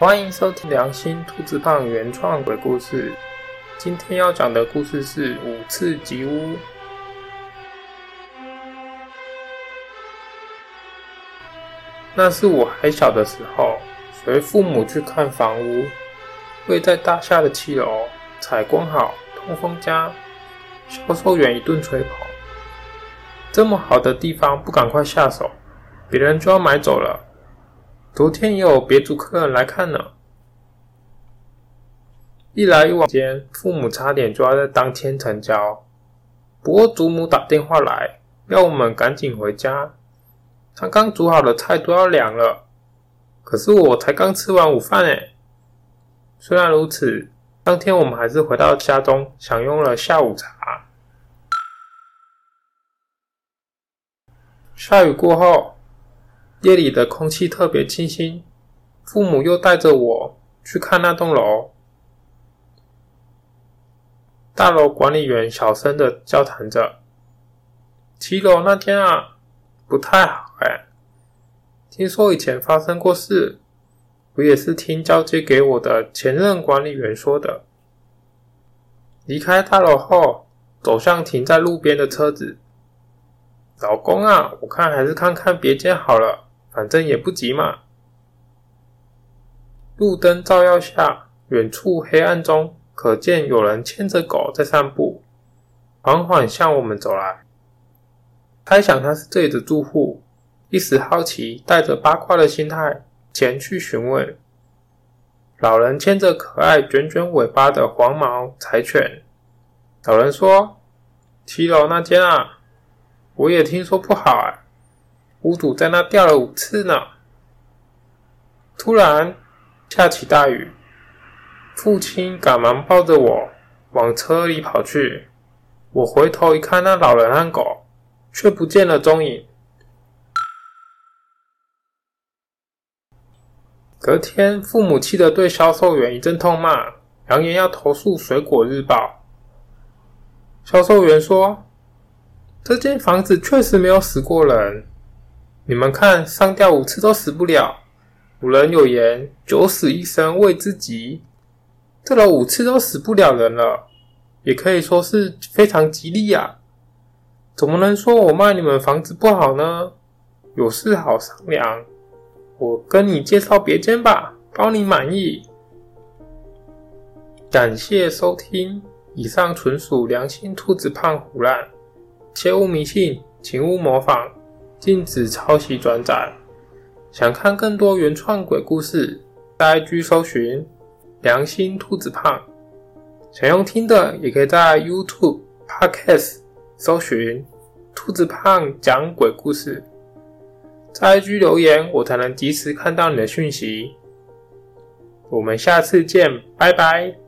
歡迎收聽《良心兔子胖》原創鬼故事。今天要講的故事是五次吉屋。那是我還小的時候，隨父母去看房屋，位在大廈的七樓，採光好，通風佳，銷售員一頓吹捧，這麼好的地方，不趕快下手，別人就要買走了。昨天也有別族客人來看呢，一來一往間，父母差點就要在當天成交。不過祖母打電話來，要我們趕緊回家，她剛煮好的菜都要涼了。可是我才剛吃完午飯哎，雖然如此，當天我們還是回到家中，享用了下午茶。下雨過後。夜裡的空氣特別清新，父母又帶着我去看那棟樓。大樓管理員小聲地交談着：“七樓那天啊，不太好哎、欸，聽說以前發生過事，我也是聽交接給我的前任管理員說的。”離開大樓後，走向停在路邊的車子。老公啊，我看還是看看別間好了。反正也不急嘛。路燈照耀下，遠處黑暗中可見有人牽着狗在散步，緩緩向我們走來。猜想他是這裡的住戶，一時好奇，帶着八卦的心態前去詢問。老人牽着可愛捲捲尾巴的黃毛柴犬。老人說：“七樓那間啊，我也聽說不好啊、欸屋主在那吊了五次呢。突然下起大雨，父親趕忙抱着我往車裡跑去。我回頭一看，那老人和狗卻不見了蹤影。隔天，父母氣得對銷售員一陣痛罵，揚言要投訴《水果日報》。銷售員說：“這間房子確實沒有死過人。”你們看，上吊五次都死不了。古人有言：“九死一生謂之吉。”這樓五次都死不了人了，也可以說是非常吉利啊！怎麼能說我賣你們房子不好呢？有事好商量。我跟你介紹別間吧，包你滿意。感謝收聽，以上純屬良心兔子胖唬爛，切勿迷信，請勿模仿。禁止抄襲轉載。想看更多原創鬼故事，在 IG 搜尋“良心兔子胖”。想用聽的，也可以在 YouTube、Podcast 搜尋“兔子胖講鬼故事”。在 IG 留言，我才能及時看到你的訊息。我們下次見，拜拜。